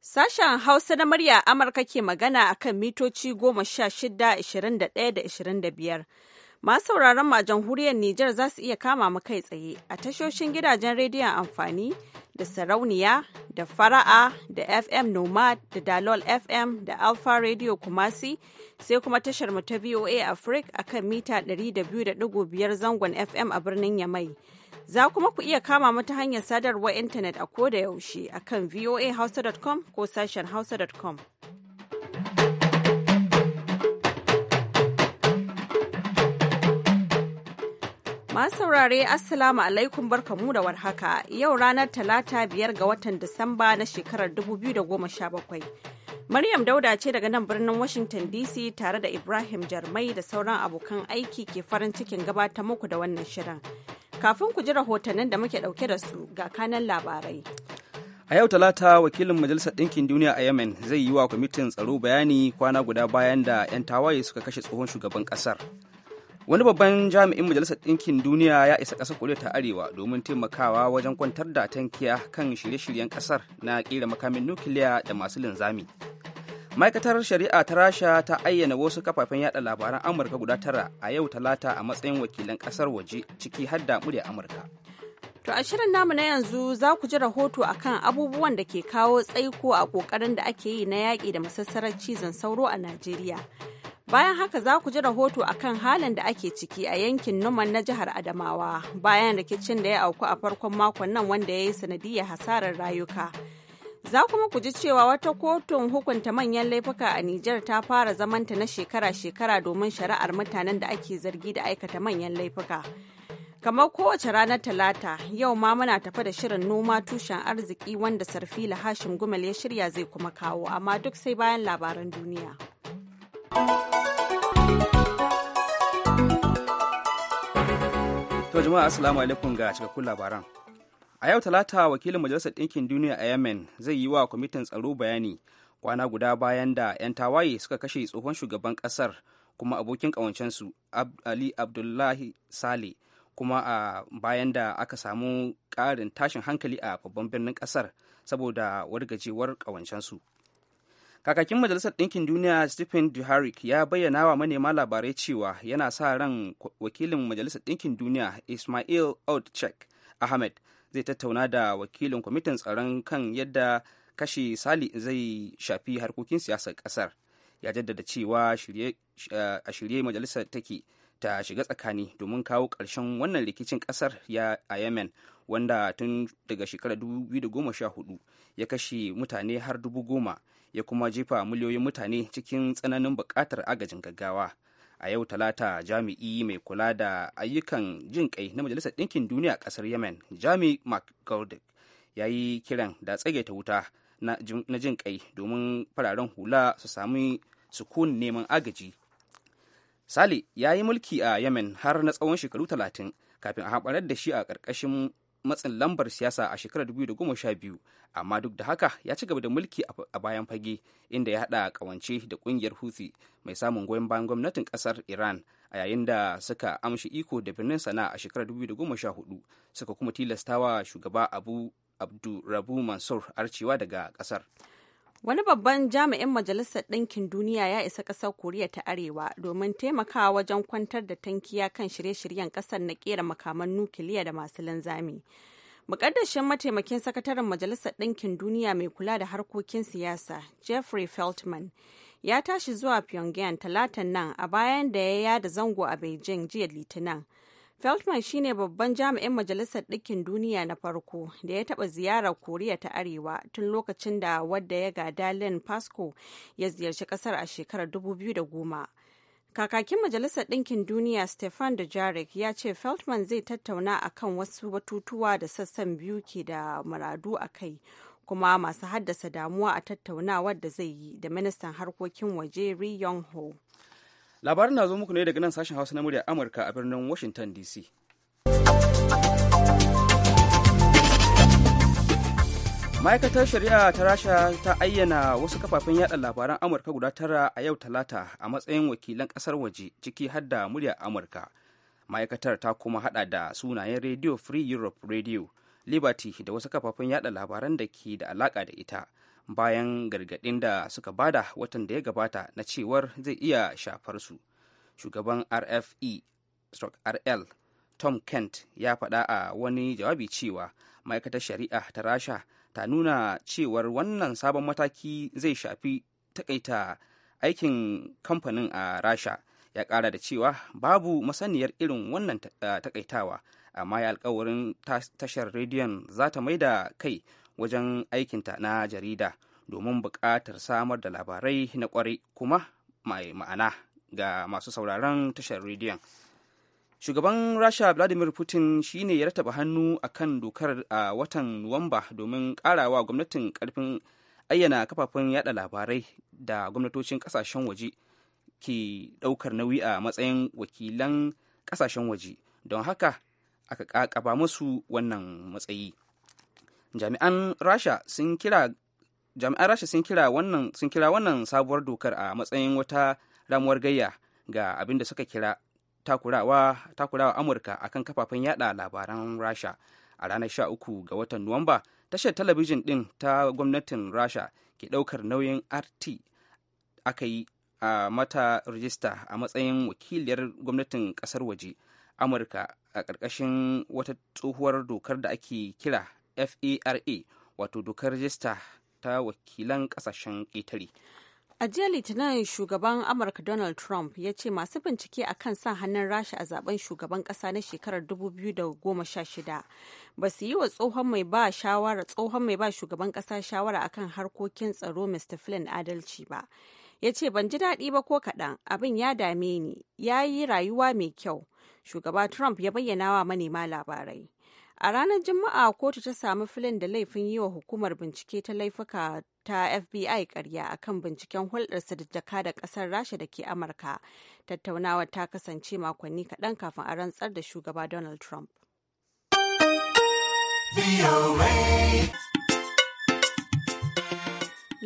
Sashen Hausa na murya Amurka ke magana a kan mitoci goma sha shida, ashirin da ɗaya da ashirin da biyar. Masu sauraron ma jamhuriyar Nijar za su iya kama mu kai tsaye a tashoshin gidajen rediyon amfani da sarauniya da fara'a da FM Nomad da Dalol FM da Alpha Radio Kumasi sai kuma tashar mu ta VOA Africa a kan mita 200.5 zangon FM a birnin Yamai. Za kuma ku iya kama mu ta hanyar sadarwar intanet a koda yaushe a kan voahausa.com ko sashen hausa.com. Masu saurare Assalamu alaikum barkamu da warhaka yau ranar talata biyar ga watan Disamba na shekarar 2017. Maryam Dauda ce daga nan birnin Washington DC tare da Ibrahim Jarmai da sauran abokan aiki ke farin cikin gabatar muku da wannan shirin. Kafin ku ji rahotannin da muke ɗauke da su ga kanan labarai. A yau talata wakilin Majalisar Ɗinkin Duniya a Yemen zai yi wa kwamitin tsaro bayani kwana guda bayan da 'yan tawaye suka kashe tsohon shugaban ƙasar. wani babban jami'in majalisar ɗinkin duniya ya isa ƙasar koriya ta arewa domin taimakawa wajen kwantar da tankiya kan shirye-shiryen ƙasar na ƙera makamin nukiliya da masu linzami ma'aikatar shari'a ta rasha ta ayyana wasu kafafen yada labaran amurka guda tara a yau talata a matsayin wakilan ƙasar waje ciki har da murya amurka To a shirin namu na yanzu za ku ji rahoto akan abubuwan da ke kawo tsaiko a ƙoƙarin da ake yi na yaƙi da masassarar cizon sauro a Najeriya. Bayan haka za ku ji rahoto a kan halin da ake ciki a yankin Noman na jihar Adamawa bayan rikicin da ya auku a farkon makon nan wanda ya yi sanadiyar hasarar rayuka. Za kuma ku ji cewa wata kotun hukunta manyan laifuka a Nijar ta fara zamanta na shekara-shekara domin shari'ar mutanen da ake zargi da aikata manyan laifuka. Kamar kowace ranar Talata, yau ma muna tafa da shirin noma tushen arziki wanda Sarfila Hashim Gumel ya shirya zai kuma kawo, amma duk sai bayan labaran duniya. To jama'a assalamu alaikum ga cikakkun labaran. A yau talata wakilin majalisar ɗinkin duniya a Yemen zai yi wa kwamitin tsaro bayani kwana guda bayan da 'yan tawaye suka kashe tsohon shugaban ƙasar kuma abokin ƙawancensu Ali Abdullahi Sale kuma a bayan da aka samu ƙarin tashin hankali a babban birnin ƙasar saboda wargajewar ƙawancensu. kakakin majalisar ɗinkin duniya stephen duharik ya bayyana wa manema labarai cewa yana sa ran wakilin majalisar ɗinkin duniya ismail outchek ahmed zai tattauna da wakilin kwamitin tsaron kan yadda kashe sali zai shafi harkokin siyasar kasar ya jaddada cewa a shirye majalisar take ta shiga tsakani domin kawo karshen wannan rikicin ƙasar a yemen wanda tun daga shekarar 2014 ya kashe mutane har dubu goma ya kuma jefa miliyoyin mutane cikin tsananin buƙatar agajin gaggawa a yau talata jami'i mai kula da ayyukan jin kai na majalisar ɗinkin duniya a ƙasar yemen jami mcgoldick ya yi kiran da tsagaita wuta na jin kai domin fararen hula su sami sukun neman agaji sali ya yi mulki a yemen har na tsawon shekaru talatin kafin a haɓarar da shi a ƙarƙashin matsin lambar siyasa a shekarar 2012 amma duk da haka ya ci gaba da mulki a bayan fage inda ya haɗa kawance da ƙungiyar houthi mai samun goyon bayan gwamnatin ƙasar iran a yayin da suka amshi iko da birnin sana a shekarar 2014 suka kuma tilastawa shugaba abu rabu mansur arcewa daga ƙasar Wani babban jami'in Majalisar Ɗinkin Duniya ya isa ƙasar Koriya ta Arewa domin taimakawa wajen kwantar da tankiya kan shirye-shiryen ƙasar na ƙera makaman nukiliya da masu linzami. Mukaddashin mataimakin sakataren Majalisar Ɗinkin Duniya mai kula da harkokin siyasa, Jeffrey Feltman, ya tashi zuwa Pyongyang talatan nan a bayan da ya yada zango a Beijing jiya Litinin. Feldman shine babban jami'in Majalisar Ɗinkin Duniya na farko da ya taɓa ziyarar Koriya ta Arewa tun lokacin da wadda ya gada Len Pasco ya ziyarci ƙasar a shekarar 2010. Kakakin Majalisar Ɗinkin Duniya Stefan Dujarric ya ce Feltman zai tattauna akan wasu batutuwa da sassan biyu ke da muradu a kai kuma masu haddasa damuwa a tattaunawar da zai yi da ministan harkokin waje Ri Yong Ho. labarin na zo muku ne daga nan sashen hausa na murya amurka a birnin washington dc ma'aikatar shari'a ta rasha ta ayyana wasu kafafen yada labaran amurka guda tara a yau talata a matsayin wakilan kasar waje ciki hadda da murya amurka ma'aikatar ta kuma hada da sunayen radio free europe radio liberty da wasu kafafen yada labaran da ke da alaka da ita bayan gargaɗin da suka bada watan da ya gabata na cewar zai iya shafar su shugaban rfe e, rl tom kent ya faɗa a wani jawabi cewa ma'aikatar shari'a ta rasha ta nuna cewar wannan sabon mataki zai shafi takaita aikin kamfanin a rasha ya ƙara da cewa babu masaniyar irin wannan eh, takaitawa amma ya alkawarin tashar rediyon za ta mai da kai wajen aikinta na jarida domin buƙatar samar da labarai na ƙwarai kuma mai ma'ana ga masu sauraron tashar rediyon shugaban rasha vladimir putin shine ya rataba hannu a kan dokar a watan nuwamba domin karawa gwamnatin ƙarfin ayyana kafafen yada labarai da gwamnatocin kasashen waje ke ɗaukar nauyi a matsayin wakilan ƙasashen waje don haka aka kakaba musu wannan matsayi jami'an rasha sun kira jami'an rasha sun kira wannan sun kira wannan sabuwar dokar a matsayin wata ramuwar gayya ga abin da suka kira takurawa takurawa amurka akan kafafen yada labaran rasha a ranar 13 ga watan nuwamba tashar talabijin din ta gwamnatin rasha ke daukar nauyin rt aka yi a mata rijista a matsayin wakiliyar gwamnatin kasar waje amurka a ƙarƙashin wata tsohuwar dokar da ake kira fera wato dokar rajista ta wakilan kasashen itali. a jiya litinin shugaban amurka donald trump ya ce masu bincike a kan sa hannun rasha a zaben shugaban kasa na shekarar 2016 ba su yi wa tsohon mai ba shawara tsohon mai ba shugaban kasa shawara akan harkokin tsaro mr flynn adalci ba ya ce ban ji daɗi ba ko kaɗan abin ya dame ni ya yi rayuwa mai kyau shugaba trump ya bayyana wa manema labarai A ranar Juma'a kotu ta samu filin da laifin yi wa hukumar bincike ta laifuka ta FBI karya a kan binciken hulɗarsa da jaka da ƙasar Rasha da ke Amurka. tattaunawa ta kasance makonni kaɗan kafin a rantsar da shugaba Donald Trump.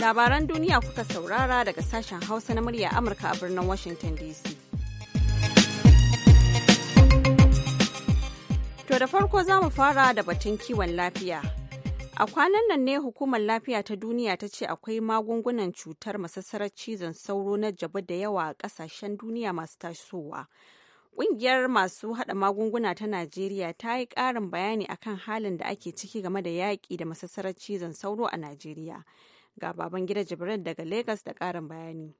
Labaran duniya kuka saurara daga sashen Hausa na murya Amurka a birnin Washington DC. da farko za mu fara da batun kiwon lafiya. A kwanan nan ne hukumar lafiya ta duniya ta ce akwai magungunan cutar masassarar cizon sauro na jabu da yawa a kasashen duniya masu tasowa. Ƙungiyar masu haɗa magunguna ta Najeriya ta yi ƙarin bayani akan halin da ake ciki game da yaƙi da masassarar cizon sauro a Najeriya. Ga baban gida Jibril daga Legas da ƙarin bayani.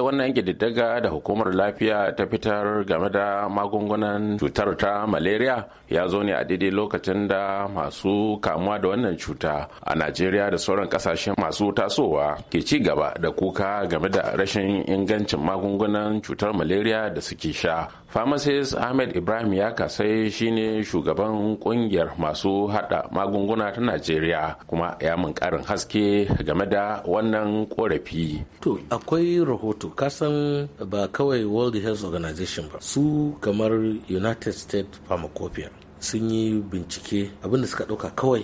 wannan ƙididdiga da hukumar lafiya ta fitar game da magungunan cutar ta malaria ya zo ne a daidai lokacin da masu kamuwa da wannan cuta a najeriya da sauran kasashen masu tasowa ke ci gaba da kuka game da rashin ingancin magungunan cutar malaria da suke sha pharmacist ahmed ibrahim ya kasai shine shugaban kungiyar masu hada magunguna ta najeriya kuma ya mun karin haske game da wannan korafi to akwai rahoto kasan ba kawai world health organization ba su kamar united states pharmacopoeia sun yi bincike abinda suka dauka kawai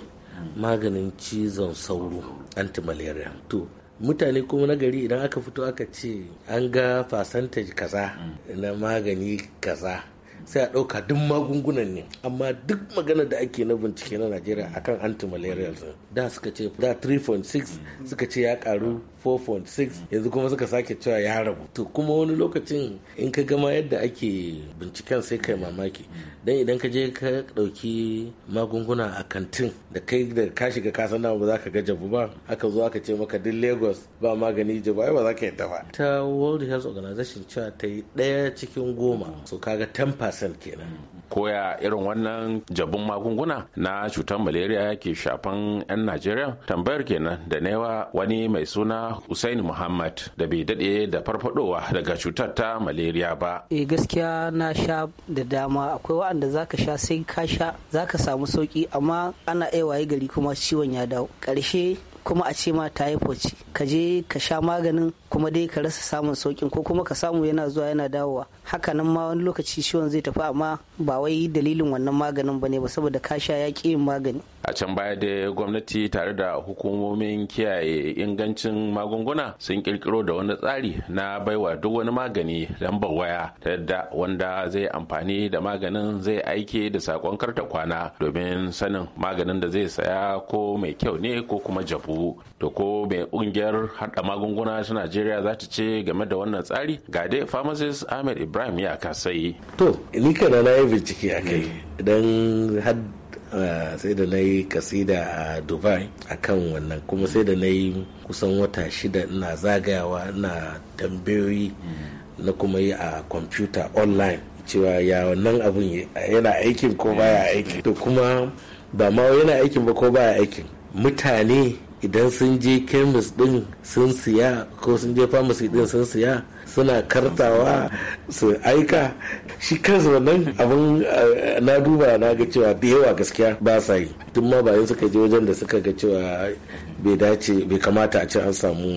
maganin cizon sauro anti-malaria to mutane kuma na gari idan aka fito aka ce an ga percentage kaza mm. na magani kaza sai a ɗauka duk magungunan ne amma duk magana da ake na bincike na najeriya akan anti-malarials da suka ce da 3.6 suka ce ya karu 4.6 yanzu kuma suka sake cewa ya rabu to kuma wani lokacin in ka gama yadda ake binciken sai kai mamaki dan idan ka je ka ɗauki magunguna a kantin da kai da ka shiga kasan san ba za ka ga jabu ba aka zo aka ce maka duk lagos ba magani jabu ai ba za ka yadda ta world health organization cewa ta yi ɗaya cikin goma so kaga 10 basal kenan koya irin wannan jabun magunguna na cutar malaria ke shafan 'yan najeriya tambayar kenan da newa wani mai suna usaini muhammad da bai dade da farfadowa daga cutar ta malaria ba eh gaskiya na sha da dama akwai wa'anda ka sha sai ka sha za ka samu sauki amma ana iya waye gari kuma ciwon ya dawo ƙarshe kuma a ce ma typhoid ce ka je ka sha maganin kuma dai ka rasa samun saukin ko kuma ka samu yana zuwa yana dawowa haka nan ma wani lokaci ciwon zai tafi amma ba wai dalilin wannan maganin bane ba saboda ka sha ya yin magani a can baya da gwamnati tare da hukumomin kiyaye ingancin magunguna sun kirkiro da wani tsari na baiwa duk wani magani lambar waya ta yadda wanda zai amfani da maganin zai aike da sakon karta kwana domin sanin maganin da zai saya ko mai kyau ne ko kuma jabu to ko mai kungiyar hada magunguna ta najeriya za ta ce game da wannan tsari ga dai pharmacist ahmed ibrahim ya kasai to ni kana na yi bincike a kai mm. idan had eh, sai da na yi kasida a dubai akan wannan kuma sai da na yi kusan wata shida ina zagayawa ina tambayoyi mm. na kuma yi a kwamfuta online cewa ya wannan abun yana aikin ko baya mm. aikin to kuma ba ma yana aikin ba ko baya aikin mutane idan sun je kemis din sun siya ko sun je pharmacy din sun siya suna kartawa su aika shi kansu wannan abin eh, na duba na ga cewa da yawa gaskiya ba sa yi tun ma bayan suka je wajen da suka ga cewa bai dace bai kamata a ce an samu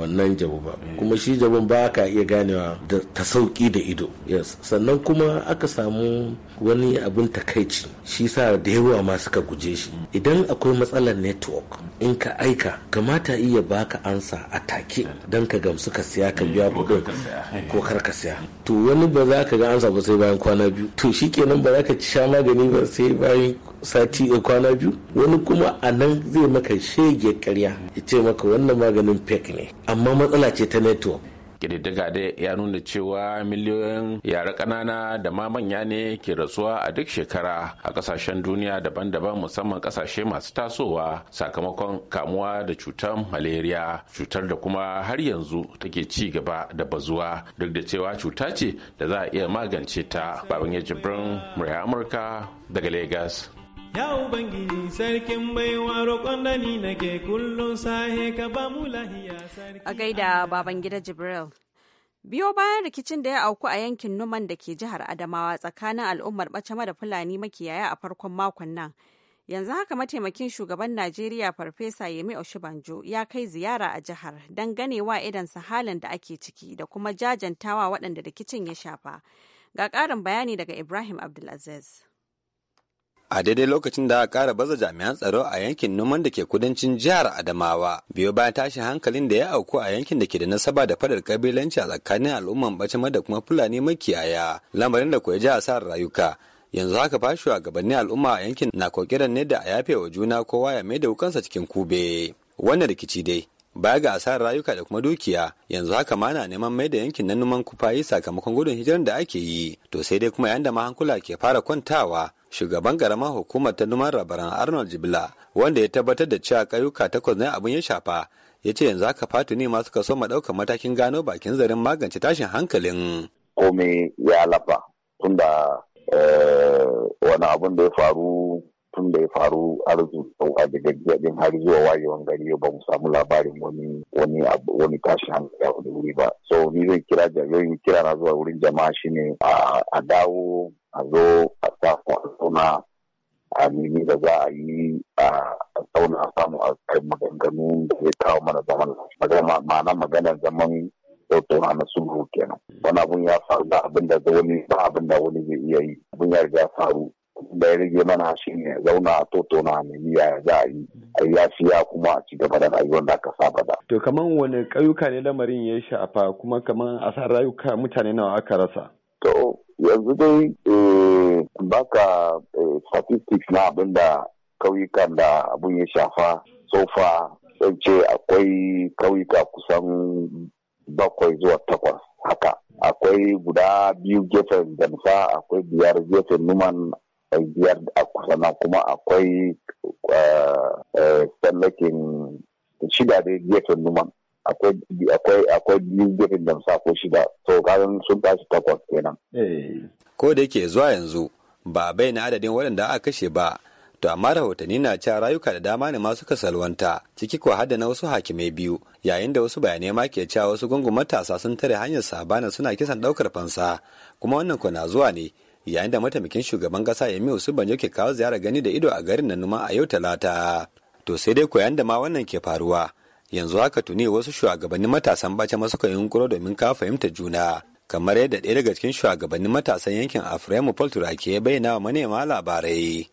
wannan jabu ba kuma shi jabun ba ka iya ganewa da ta sauki da ido yes sannan kuma aka samu wani abin takaici shi sa da yawa ma suka guje shi idan akwai matsalar network in ka aika kamata iya baka ansa a take don ka gamsu ka siya ka biya kuɗin eh. ko kar ka siya to wani ba za ka ga ansa ba sai bayan kwana biyu to shikenan ba za ka ci sha magani ba sai bayan sati kwana biyu wani kuma a nan zai maka shege karya ya ce maka wannan maganin fek ne amma matsala ce ta network kididdiga da ya nuna cewa miliyoyin yara ƙanana da ma manya ne ke rasuwa a duk shekara a ƙasashen duniya daban-daban musamman ƙasashe masu tasowa sakamakon kamuwa da cutar malaria cutar da kuma har yanzu take ci gaba da bazuwa duk da cewa cuta ce da za a iya magance ta babin ya jibrin murya amurka daga lagos Ya Ubangiji sarkin baiwa roƙon da ni nake kullum sahe ka ba mu lahiya sarki. A gaida baban Jibril. Biyo bayan rikicin da ya auku a yankin Numan da ke jihar Adamawa tsakanin al'ummar Bacama da Fulani makiyaya a farkon makon nan. Yanzu haka mataimakin shugaban Najeriya Farfesa Yemi Oshibanjo ya kai ziyara a jihar don ganewa sa halin da ake ciki da kuma jajantawa waɗanda rikicin ya shafa. Ga ƙarin bayani daga Ibrahim Abdulaziz. a daidai lokacin da aka kara baza jami'an tsaro a yankin noman da ke kudancin jihar adamawa biyo bayan tashi hankalin da ya auku a yankin da ke da nasaba da fadar kabilanci a tsakanin al'umman bacima da kuma fulani makiyaya lamarin da kuwa ji asarar rayuka yanzu haka fa gabanin al'umma a yankin na kokiran ne da a yafe wa juna kowa ya maida wukansa cikin kube wannan rikici dai baya ga asarar rayuka da kuma dukiya yanzu haka ma na neman mai da yankin na numan kufayi sakamakon gudun hijiran da ake yi to sai dai kuma yayin da mahankula ke fara kwantawa shugaban garama hukumar ta numan rabaran arnold jibla wanda ya tabbatar da cewa kayuka takwas ne abin ya shafa ya ce yanzu haka fatu ne masu kaso ma ɗaukar matakin gano bakin zarin magance tashin hankalin. komai ya lafa tun da eh, wani abun da ya faru tun da ya faru arzu a daga din har zuwa wayewan gari ba mu samu labarin wani wani wani tashin hankali a wani wuri ba so ni zan kira zan kira na zuwa wurin jama'a shine a dawo a zo a sa kwana a nemi da za a yi a tsauna a samu a kai maganganu da zai kawo mana zaman ma'ana maganar zaman tattauna na sulhu kenan wani abun ya faru da abin da wani ba abin da wani zai iya yi abin ya riga faru da ya rage mana shi ne zauna a tattauna ne yaya za a yi a yi yafiya kuma a ci gaba da rayuwar da aka saba da. to kaman wani ƙauyuka ne lamarin ya shafa kuma kaman a sa rayuka mutane nawa aka rasa. to yanzu dai eh, baka eh, statistics na abin da kauyukan da abin ya shafa sofa zan ce akwai kauyuka kusan bakwai zuwa takwas haka akwai guda biyu gefen jamsa akwai biyar gefen numan biyar a kusanan kuma akwai tsallakin eh, shida da gefen numan akwai biyu gefen da musa ko shida to kayan sun tashi takwas kenan eh. ko da yake zuwa yanzu ba a na adadin waɗanda aka kashe ba to amma rahotanni na cewa rayuka da dama ne masu kasalwanta ciki ko hada na wasu hakimai biyu yayin da wasu bayanai ma ke cewa wasu gungun matasa sun tare hanyar sabana suna kisan ɗaukar fansa kuma wannan ko na zuwa ne yayin da mataimakin shugaban kasa Yemi Osinbajo ke kawo ziyara gani da ido a garin Nanuma a yau Talata to sai dai koyan da ma wannan ke faruwa yanzu haka tuni wasu shugabannin matasan bace ma suka yunkuro domin ka fahimta juna kamar yadda ɗaya daga cikin shugabannin matasan yankin afremu paul ke ya bayyana wa manema labarai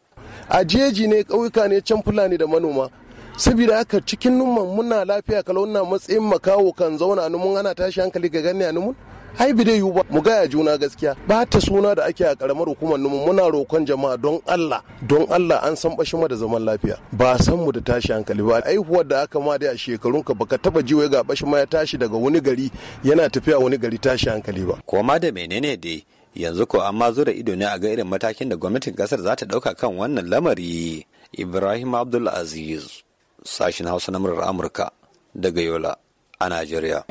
a jeji ne kauyuka ne can fulani da manoma saboda haka cikin numan muna lafiya kalau na matsayin makawo kan zauna numun ana tashi hankali ga ganni a numun ai bi dai ba mu gaya juna gaskiya ba ta suna da ake a karamar hukumar numu muna rokon jama'a don Allah don Allah an san bashi da zaman lafiya ba san mu da tashi hankali ba aihuwar da aka ma dai a shekarun ka baka taba jiwa ga bashi ma ya tashi daga wani gari yana tafiya wani gari tashi hankali ba koma da menene dai yanzu ko an ma da ido ne a ga irin matakin da gwamnatin kasar za ta ɗauka kan wannan lamari ibrahim abdul aziz sashin hausa na murar amurka daga yola a najeriya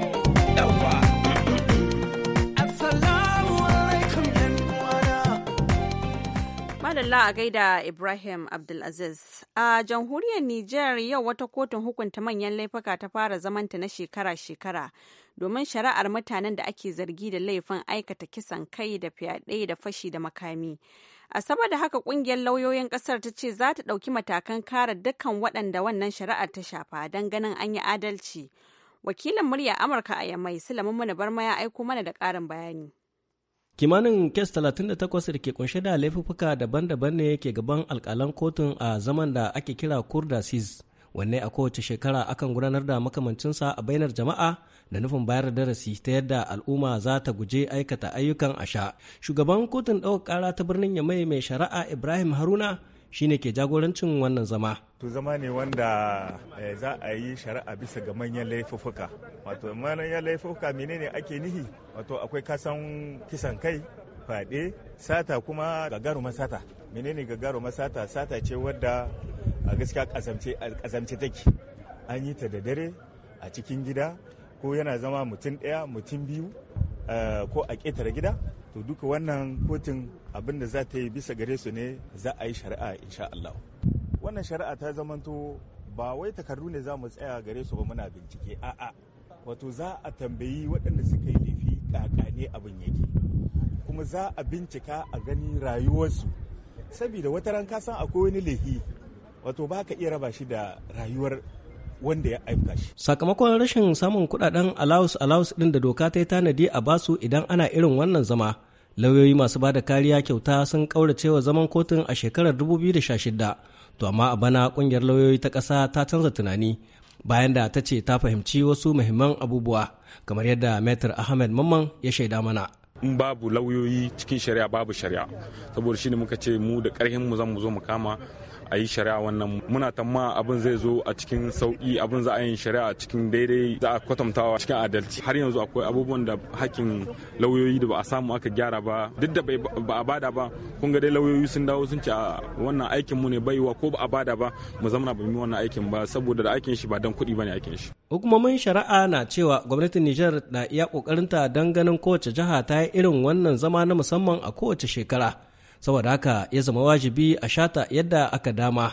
Madalla a gaida Ibrahim Abdulaziz. A jamhuriyar Nijar yau wata kotun hukunta manyan laifuka ta fara zamanta na shekara-shekara domin shari'ar mutanen da ake zargi da laifin aikata kisan kai da fyaɗe da fashi da makami. A saboda haka ƙungiyar lauyoyin ƙasar ta ce za ta ɗauki matakan kare dukkan waɗanda wannan shari'ar ta shafa don ganin an yi adalci. Wakilin murya Amurka a Yamai, Sulaiman Mana Barma ya aiko mana da ƙarin bayani. kimanin kes 38 da ke kunshe da laifuka daban-daban ne ke gaban alkalan kotun a zaman da ake kira kurda sis wanne a kowace shekara akan gudanar da makamancinsa a bainar jama'a da nufin bayar da darasi ta yadda al'umma za ta guje aikata ayyukan asha shugaban kotun ɗaukar ƙara ta birnin yamai mai shari'a ibrahim haruna shine ke jagorancin wannan zama. To zama ne wanda eh, za a yi shari'a bisa ga manyan laifuka. Wato manyan laifuka menene ake nihi? Wato akwai kasan kisan kai, faɗe, sata kuma gagarumar sata. Menene gagaru sata? Sata ce wadda a gaskiya kazamce take. An yi ta da dare a cikin gida ko yana zama mutum ɗaya mutum biyu eh, ko a ƙetare gida. To duka wannan kotun abin da za ta yi bisa gare su ne za a yi shari'a insha Allah wannan shari'a ta zamanto ba wai takardu ne za mu tsaya gare su ba muna bincike a'a wato za a tambayi waɗanda suka yi laifi ne abin yake kuma za a bincika a gani rayuwarsu saboda wata ran ka san akwai wani laifi wato ba ka iya raba shi da rayuwar wanda ya aika shi. Sakamakon rashin samun kuɗaɗen allowance allowance ɗin da doka ta yi tanadi a basu idan ana irin wannan zama lauyoyi masu ba da kariya kyauta sun kauracewa zaman kotun a shekarar 2016 to amma a bana kungiyar lauyoyi ta ƙasa ta canza tunani bayan da ta ce ta fahimci wasu muhimman abubuwa kamar yadda metar ahmed mamman ya shaida mana in babu lauyoyi cikin shari'a babu shari'a saboda shine muka ce mu da ƙarhin mu zan mu zo mu kama a yi shari'a wannan muna tamma abin zai zo a cikin sauki abin za a yi shari'a cikin daidai za a kwatantawa cikin adalci har yanzu akwai abubuwan da hakkin lauyoyi da ba a samu aka gyara ba duk da ba a bada ba kun ga dai lauyoyi sun dawo sun ce a wannan aikin mu ne baiwa ko ba a bada ba mu zamana ba mu wannan aikin ba saboda da aikin shi ba dan kuɗi bane aikin shi hukumomin shari'a na cewa gwamnatin Nijar na iya kokarinta dan ganin kowace jiha ta yi irin wannan zama na musamman a kowace shekara saboda haka ya zama wajibi a shata yadda aka dama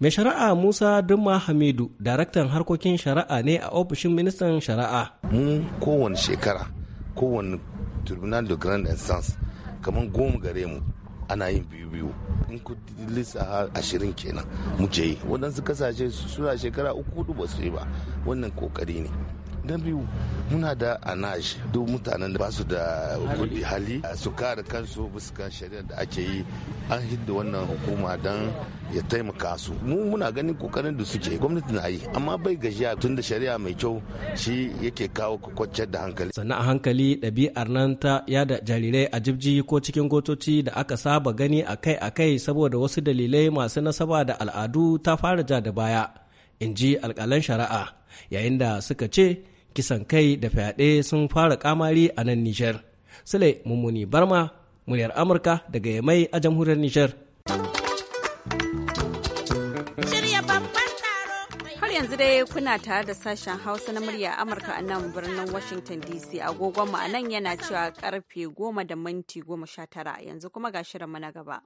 mai shari'a musa dumma hamidu daraktan harkokin shari'a ne a ofishin ministan shari'a mun kowane shekara kowane tribunal de grand instance kamar goma gare mu ana yin biyu-biyu in ku lissa ashirin kenan muke yi waɗansu kasashe suna shekara uku hudu ba su yi ba wannan kokari ne don biyu muna da anaj duk mutanen da ba su da kuɗi hali su kare kansu buska shari'a da ake yi an hidda wannan hukuma don ya taimaka su mu muna ganin kokarin da suke gwamnati na yi amma bai gajiya tun da shari'a mai kyau shi yake kawo kwakwacciyar da hankali sannan a hankali ɗabi'ar nan ta yada jarirai a jibji ko cikin gotoci da aka saba gani akai-akai saboda wasu dalilai masu nasaba da al'adu ta fara ja da baya in ji alƙalan shari'a yayin da suka ce kisan kai da fyaɗe sun fara kamari a nan Nijar. Sule Mummuni Barma, muryar Amurka daga Yamai a jamhuriyar Nijar. yanzu dai kuna tare da sashen hausa na murya amurka a nan birnin washington dc agogon mu a nan yana cewa karfe goma da minti goma sha tara yanzu kuma ga shirin na gaba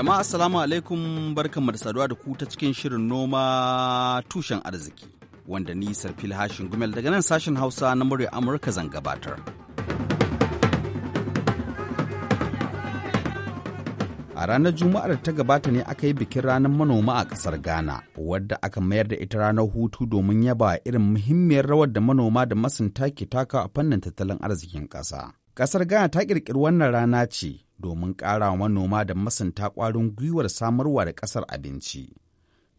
Jama'a assalamu alaikum barkanmu da saduwa da ku ta cikin shirin noma tushen arziki wanda ni Sarfil Hashin Gumel daga nan sashen Hausa na murya Amurka zan gabatar. A ranar Juma'ar ta gabata ne aka yi bikin ranar manoma a ƙasar Ghana, wadda aka mayar da ita ranar hutu domin yaba irin muhimmiyar rawar da manoma da masunta ke taka a fannin tattalin arzikin ƙasa. Ƙasar Ghana ta ƙirƙiri wannan rana ce domin ƙara manoma da masunta ƙwarin gwiwar samarwa da ƙasar abinci.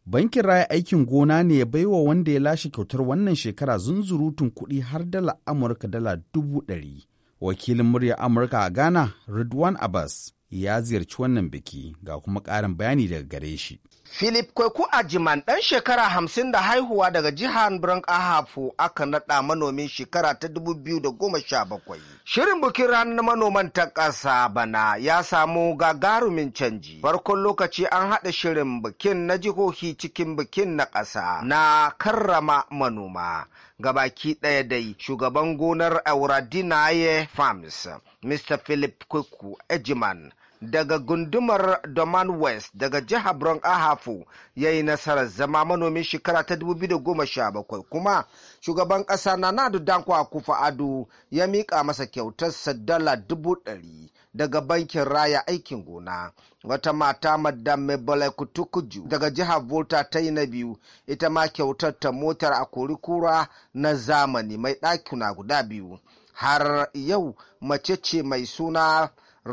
Bankin raya aikin gona ne ya baiwa wanda ya lashe kyautar wannan shekara zunzurutun kuɗi har dala Amurka dala dubu ɗari. Wakilin murya Amurka a Ghana, Ridwan Abbas, ya ziyarci wannan biki ga kuma ƙarin bayani daga gare shi. Philip Kweku Ajiman ɗan shekara hamsin da haihuwa daga jihar Biran Ahafu aka naɗa manomin shekara ta da goma bakwai. Shirin bikin ranar manoman ta ƙasa bana ya samu gagarumin canji. Farkon lokaci an haɗa shirin bikin na jihohi cikin bikin na ƙasa na karrama manoma. Gabaki ɗaya dai shugaban gonar Auradinaye Farms, Mr. Philip Kweku Ajiman. daga gundumar Doman West daga jihar Bron Ahafu ya yi nasarar zama manomin shekara ta 2017 kuma shugaban ƙasa na Nadu Danko Akufo Ado ya miƙa masa kyautar dala dubu ɗari daga bankin raya aikin gona. Wata mata Madam Mebola Kutukuju daga jihar Volta ta yi na biyu ita ma kyautar ta motar a kura na zamani mai ɗakuna guda biyu. Har yau mace ce mai suna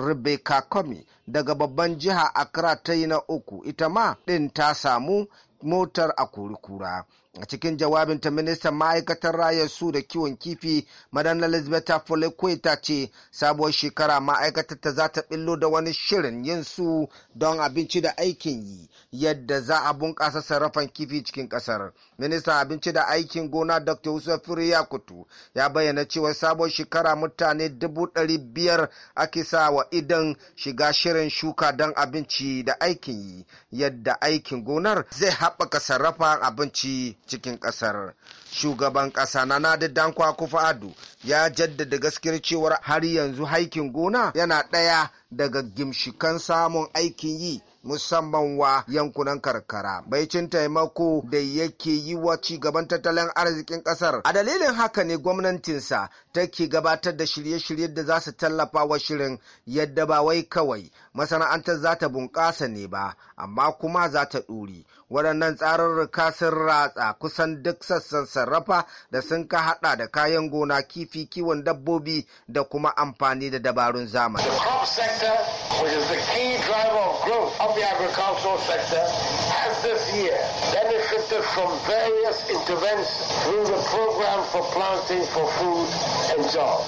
Rebecca Comey daga babban jiha Accra ta yi na uku, ita ma ɗin ta samu motar a kurikura. a cikin jawabinta ministan ma'aikatar rayar su da kiwon kifi madana elizabeth folikwe ta ce sabuwar shekara ma'aikatar ta za ta billo da wani shirin yin su don abinci da aikin yi yadda za a bunƙasa sarrafan kifi cikin ƙasar ministan abinci da aikin gona dr yusuf ya kutu ya bayyana cewa sabuwar shekara mutane dubu ɗari biyar ake sa wa idan shiga shirin shuka don abinci da aikin yi yadda aikin gonar zai haɓaka sarrafa abinci cikin kasar shugaban kasa na nadi dankwa kufa ya jaddada gaskiyar cewar har yanzu haikin gona yana ɗaya daga gimshikan samun aikin yi musamman wa yankunan karkara baicin taimako da yake yi wa cigaban tattalin arzikin kasar a dalilin haka ne gwamnatinsa take gabatar da shirye shiryen da za su tallafa wa shirin yadda ba wai kawai masana'antar za ta bunƙasa ne ba amma kuma za ta ɗuri waɗannan tsarurruka sun ratsa kusan duk sassan sarrafa da sun ka hada da kayan gona kifi kiwon dabbobi da kuma amfani da dabarun zamani from various interventions through the program for planting for food and Job.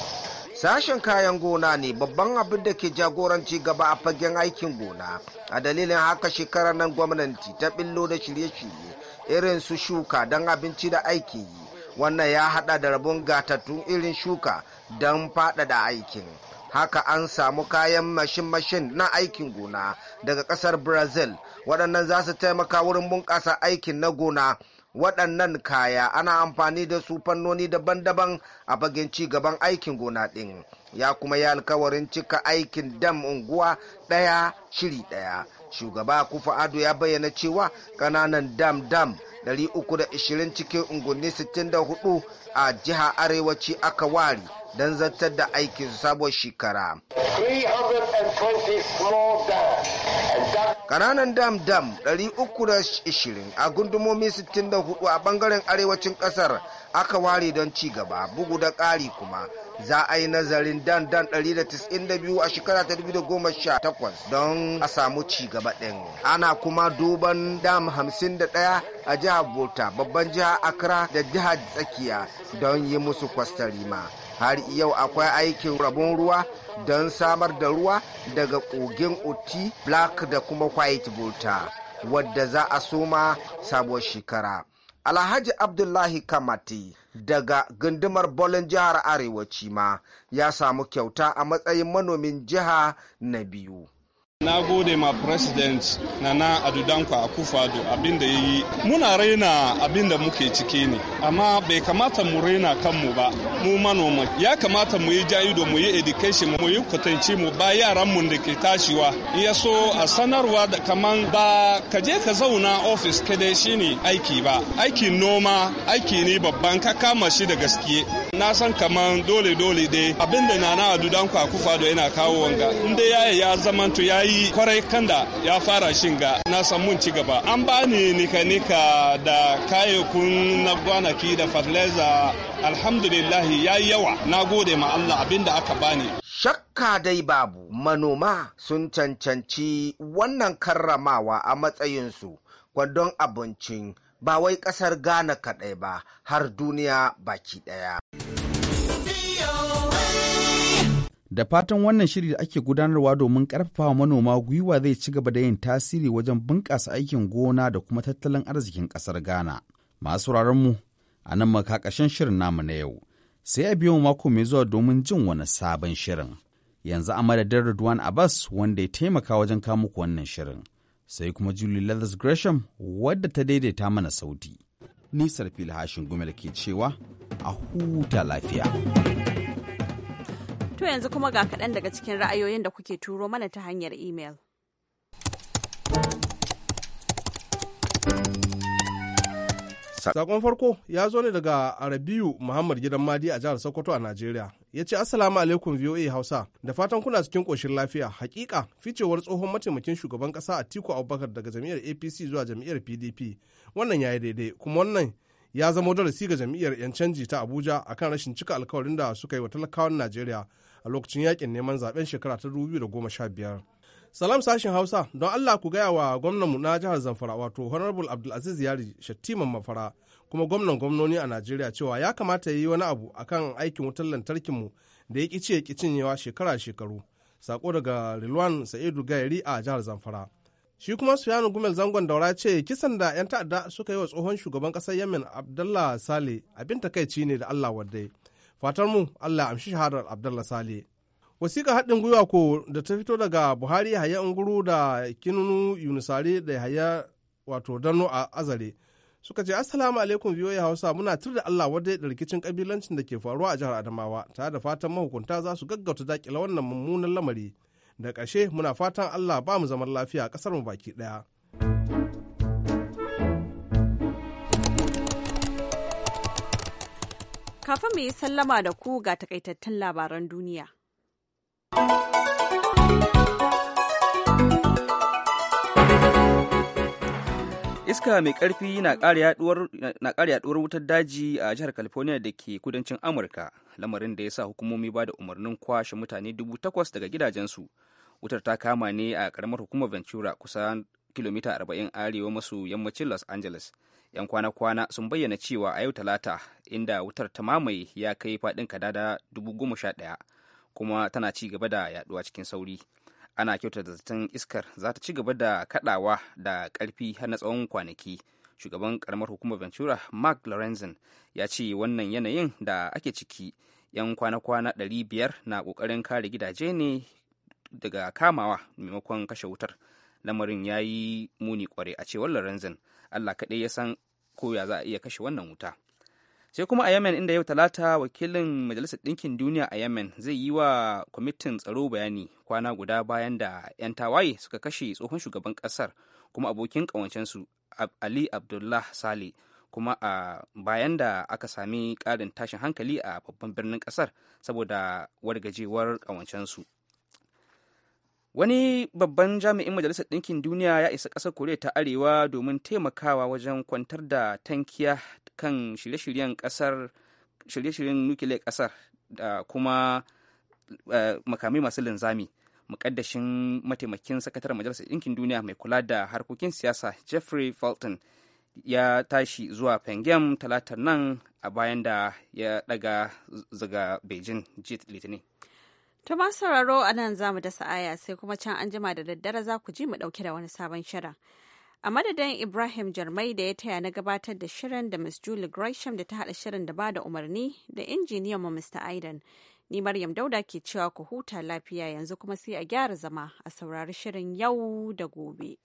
sashen kayan gona ne babban abin da ke jagoranci gaba a fagen aikin gona a dalilin haka shekarar nan gwamnati ta billo da shirye-shirye irin su shuka don abinci da aikin yi wannan ya hada da rabon gatattun irin shuka don faɗaɗa aikin haka an samu kayan mashin-mashin na aikin gona daga ƙasar brazil waɗannan za su taimaka wurin bunƙasa aikin na gona waɗannan kaya ana amfani da su fannoni daban-daban a fagen gaban aikin gona ɗin ya kuma yi alkawarin cika aikin dam unguwa ɗaya shiri ɗaya shugaba kufa ado ya bayyana cewa ƙananan dam dam 320 cikin unguwanni 64 a jiha arewaci aka wari don zartar da aikin sabon shekara. Kananan dam dam 320 a gundumomi 64 a bangaren arewacin kasar aka ware don ci gaba bugu da ƙari kuma za a yi nazarin dan dan 192 a shekara ta 2018 don a samu ci gaba ɗin. Ana kuma duban dam 51 a jihar Bota babban jiha Accra da jihar Tsakiya don yi musu kwastarima har yau akwai aikin rabon ruwa don samar da ruwa daga kogin uti black da kuma white volta wadda za a soma sabuwar shekara alhaji abdullahi kamati daga gundumar bolin jihar arewaci ma ya samu kyauta a matsayin manomin jiha na biyu Na gode ma President Nana Adudankwa Akufado abin da ya yi. Muna raina abinda muke ciki ne, amma bai kamata mu raina kanmu ba, mu manoma. Ya kamata mu yi jayido mu yi education mu yi kwatanci mu ba yaranmu da ke tashiwa. Ya so a sanarwa da kaman ba ka je ka zauna ofis kadai shine aiki ba. aiki noma aiki ne babban ka kama shi da gaske. Na san kaman dole dole dai abin da Nana Adudankwa Akufado yana kawo wanga. Inda yaya ya zamanto ya yi yi kwarai kanda ya fara shinga na samun ci gaba an bani nika-nika da kayakun na gwanaki da fatalaiza alhamdulillahi ya yi yawa na gode ma Allah abin da aka bani shakka dai babu manoma sun cancanci wannan karramawa a matsayinsu kwandon abincin ba wai kasar ghana kaɗai ba har duniya baki ɗaya Da fatan wannan shiri da ake gudanarwa domin ƙarfafa manoma gwiwa zai ci gaba da yin tasiri wajen bunƙasa aikin gona da kuma tattalin arzikin ƙasar Ghana. Masu mu a nan makakashen shirin namu na yau, sai a biyo mako mai zuwa domin jin wani sabon shirin. Yanzu a madadin Ridwan Abbas wanda ya taimaka wajen kawo muku wannan shirin. Sai kuma Julie Leathers Gresham wadda ta daidaita mana sauti. Nisar hashin Gumel ke cewa a huta lafiya. To yanzu kuma ga kaɗan daga cikin ra'ayoyin da kuke turo mana ta hanyar email Sakon farko ya zo ne daga Arabiyu Muhammad Gidan Madi a jihar Sokoto a Najeriya. Ya ce Assalamu alaikum VOA Hausa, da fatan kuna cikin ƙoshin lafiya. Hakika ficewar tsohon mataimakin shugaban ƙasa Atiku Abubakar daga jam'iyyar APC zuwa jam'iyyar PDP. Wannan ya yi daidai, kuma wannan ya zama darasi ga jam'iyyar 'yan canji ta Abuja akan rashin cika alkawarin da suka yi wa talakawan Najeriya a lokacin yakin neman zaben shekara ta biyar. Salam sashin Hausa, don Allah ku gaya wa gwamnanmu na jihar Zamfara wato Honorable Abdulaziz Yari Shattiman Mafara kuma gwamnan gwamnoni a Najeriya cewa ya kamata ya yi wani abu akan aikin wutar lantarkinmu da ya ƙici ya cinyewa shekara shekaru. Sako daga Rilwan Sa'idu Gayari a jihar Zamfara. Shi kuma Suyanu Gumel Zangon Daura ce kisan da 'yan ta'adda suka yi wa tsohon shugaban ƙasar Yemen Abdullah Sale abin takaici ne da Allah waddai. fatar mu Allah amshi shahadar Abdullah Sale. Wasiƙa haɗin gwiwa ko da ta fito daga Buhari Haya Unguru da Kinunu Yunusare da Haya wato Dano a Azare. Suka ce Assalamu alaikum ya Hausa muna tur da Allah wadda da rikicin kabilancin da ke faruwa a jihar Adamawa tare da fatan mahukunta za su gaggauta dakila wannan mummunan lamari. Da ƙarshe muna fatan Allah ba mu zaman lafiya a ƙasar mu baki ɗaya. Kafin mu yi sallama da ku ga takaitattun labaran duniya. Iska mai ƙarfi na ƙara yaɗuwar wutar daji a jihar California da ke kudancin Amurka, lamarin da ya sa hukumomi ba da umarnin kwashe mutane dubu takwas daga gidajensu. Wutar ta kama ne a ƙaramar hukumar Ventura kusan kilomita 40 arewa maso yammacin Los Angeles. 'yan kwana-kwana sun bayyana cewa a yau talata inda wutar ta mamaye ya kai faɗin kadada 11,000 kuma tana ci gaba da yaɗuwa cikin sauri ana kyautata zaton iskar za ta ci gaba da kaɗawa da ƙarfi har na tsawon kwanaki shugaban ƙaramar hukumar ventura mark lorenzen ya ce wannan yanayin da ake ciki 'yan kwana-kwana biyar na ƙoƙarin kare gidaje ne daga kamawa maimakon kashe wutar lamarin ya yi muni kware a cewar lorenzen Allah kaɗai ya san ko ya za a iya kashe wannan wuta. Sai kuma a Yemen inda yau talata wakilin Majalisar Ɗinkin Duniya a Yemen zai yi wa kwamitin tsaro bayani kwana guda bayan da 'yan tawaye suka kashe tsohon shugaban ƙasar kuma abokin ƙawancensu Ali Abdullah Sale kuma a bayan da aka sami ƙarin tashin hankali a babban birnin ƙasar saboda wargajewar ƙawancensu. wani babban jami'in majalisar ɗinkin duniya ya isa ƙasar koriya ta arewa domin taimakawa wajen kwantar da tankiya kan shirye-shiryen ƙasar shirye-shiryen nukiliyar ƙasar da kuma eh, makamai masu linzami mukaddashin mataimakin sakataren majalisar ɗinkin duniya mai kula da harkokin siyasa jeffrey fulton ya tashi zuwa Pyongyang talatar nan a bayan da ya daga zaga Beijing jit Litinin. ta ma sauraro a nan za mu dasa aya sai kuma can an jima da daddare za ku ji mu ɗauke da wani sabon shirin. A madadin Ibrahim Jarmai da ya taya na gabatar da shirin da Miss Julie Gresham da ta haɗa shirin da ba da umarni da injiniyan mu Mr. Aidan. Ni Maryam Dauda ke cewa ku huta lafiya yanzu kuma sai a gyara zama a saurari shirin yau da gobe.